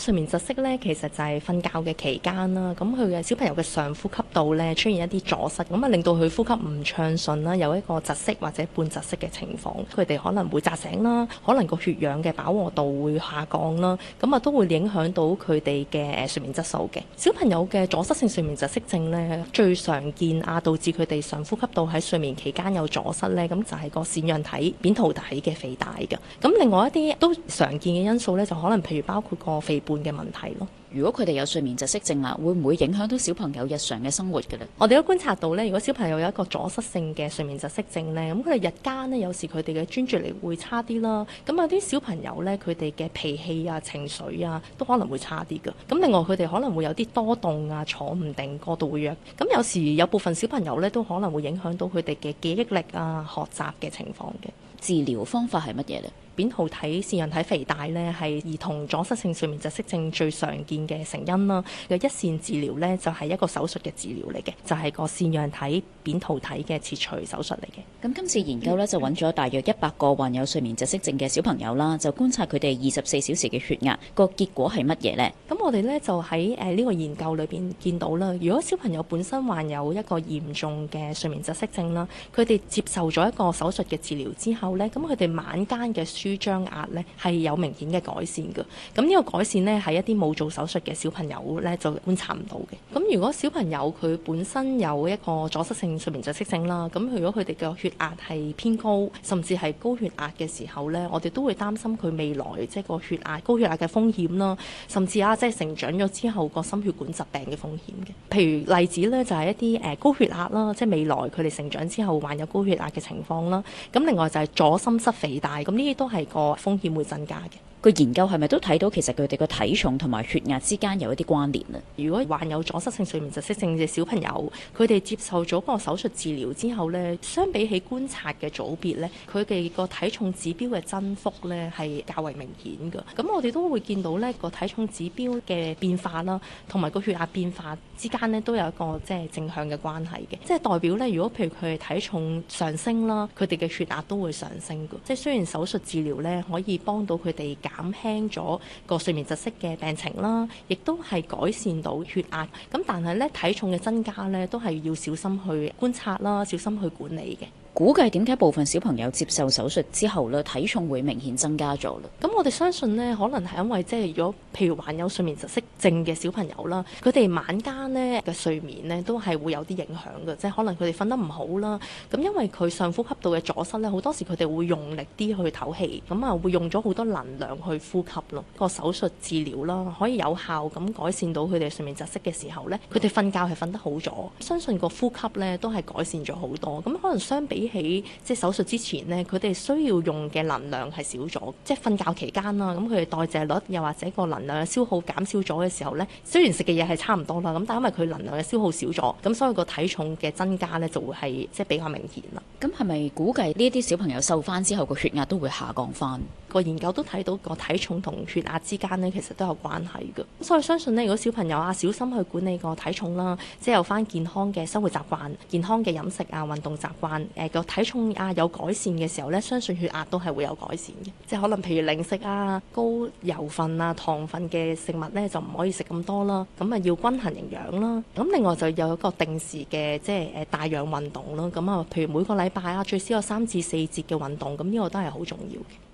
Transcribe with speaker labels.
Speaker 1: 睡眠窒息咧，其實就係瞓覺嘅期間啦。咁佢嘅小朋友嘅上呼吸度咧出現一啲阻塞，咁啊令到佢呼吸唔暢順啦，有一個窒息或者半窒息嘅情況，佢哋可能會扎醒啦，可能個血氧嘅飽和度會下降啦，咁啊都會影響到佢哋嘅睡眠質素嘅。小朋友嘅阻塞性睡眠窒息症呢，最常見啊，導致佢哋上呼吸道喺睡眠期間有阻塞呢，咁就係個腺樣體扁桃體嘅肥大嘅。咁另外一啲都常見嘅因素呢，就可能譬如包括個肥
Speaker 2: 胖嘅問題咯。如果佢哋有睡眠窒息症啊，會唔會影響到小朋友日常嘅生活嘅咧？我哋
Speaker 1: 都觀察到咧，如果小朋友有一個阻塞性嘅睡眠窒息症咧，咁佢哋日間咧有時佢哋嘅專注力會差啲啦。咁啊，啲小朋友咧佢哋嘅脾氣啊情緒啊都可能會差啲嘅。咁另外佢哋可能會有啲多動啊坐唔定過度活躍。咁有時有部分小朋友咧都可能會影響到佢哋嘅記憶力啊學習嘅情況嘅。治療方法係乜嘢咧？扁桃體腺樣體肥大呢，係兒童阻塞性睡眠窒息症最常見嘅成因啦。嘅一線治療呢，就係一個手術嘅治療嚟嘅，就係、是、個腺樣體扁桃體嘅切除手術嚟嘅。
Speaker 2: 咁今次研究呢，
Speaker 1: 就揾咗大約一百
Speaker 2: 個患有睡眠窒息症嘅小朋友啦，就觀察佢哋二十四小時嘅血壓，個結果係乜嘢呢？
Speaker 1: 咁我哋呢，就喺，誒呢個研究裏邊見到啦，如果小朋友本身患有一個嚴重嘅睡眠窒息症啦，佢哋接受咗一個手術嘅治療之後呢，咁佢哋晚間嘅於張壓咧係有明顯嘅改善嘅，咁呢個改善咧係一啲冇做手術嘅小朋友咧就觀察唔到嘅。咁如果小朋友佢本身有一個阻塞性睡眠窒息症啦，咁如果佢哋嘅血壓係偏高，甚至係高血壓嘅時候咧，我哋都會擔心佢未來即係、就是、個血壓高血壓嘅風險啦，甚至啊即係、就是、成長咗之後個心血管疾病嘅風險嘅。譬如例子咧就係、是、一啲誒高血壓啦，即、就、係、是、未來佢哋成長之後患有高血壓嘅情況啦。咁另外就係左心室肥大，咁呢啲都，係個風險會增加嘅。個研究係咪都睇到其實佢哋個體重同埋血壓之間有一啲關聯啊？如果患有阻塞性睡眠窒息症嘅小朋友，佢哋接受咗個手術治療之後呢，相比起觀察嘅組別呢，佢哋個體重指標嘅增幅呢係較為明顯嘅。咁我哋都會見到，呢個體重指標嘅變化啦，同埋個血壓變化之間呢，都有一個即係正向嘅關係嘅，即係代表呢，如果譬如佢係體重上升啦，佢哋嘅血壓都會上升嘅。即係雖然手術治療呢，可以幫到佢哋減輕咗個睡眠窒息嘅病情啦，亦都係改善到血壓，咁但係咧體重嘅增加咧都係要小心去觀察啦，小心去管理嘅。
Speaker 2: 估計點解部分小朋友接受手術之後呢，體重會明顯增加咗呢？
Speaker 1: 咁我哋相信呢，可能係因為即係如果譬如患有睡眠窒息症嘅小朋友啦，佢哋晚間呢嘅睡眠呢都係會有啲影響嘅，即係可能佢哋瞓得唔好啦。咁因為佢上呼吸道嘅阻塞呢，好多時佢哋會用力啲去唞氣，咁啊會用咗好多能量去呼吸咯。個手術治療啦，可以有效咁改善到佢哋睡眠窒息嘅時候呢，佢哋瞓覺係瞓得好咗，相信個呼吸呢都係改善咗好多。咁可能相比。喺即係手術之前呢，佢哋需要用嘅能量係少咗，即係瞓覺期間啦。咁佢哋代謝率又或者個能量嘅消耗減少咗嘅時候呢，雖然食嘅嘢係差唔多啦，咁但係因為佢能量嘅消耗少咗，咁所以個體重嘅增加呢就會係即係比較明顯啦。咁係咪估計呢啲小朋友瘦翻之後個血壓都會下降翻？個研究都睇到個體重同血壓之間呢，其實都有關係嘅。咁所以相信呢，如果小朋友啊小心去管理個體重啦，即係有返健康嘅生活習慣、健康嘅飲食啊、運動習慣，誒個體重啊有改善嘅時候呢，相信血壓都係會有改善嘅。即係可能譬如零食啊、高油份啊、糖分嘅食物呢，就唔可以食咁多啦。咁啊要均衡營養啦。咁另外就有一個定時嘅即係誒帶氧運動咯。咁啊，譬如每個禮拜啊，最少有三至四節嘅運動，咁呢個都係好重要嘅。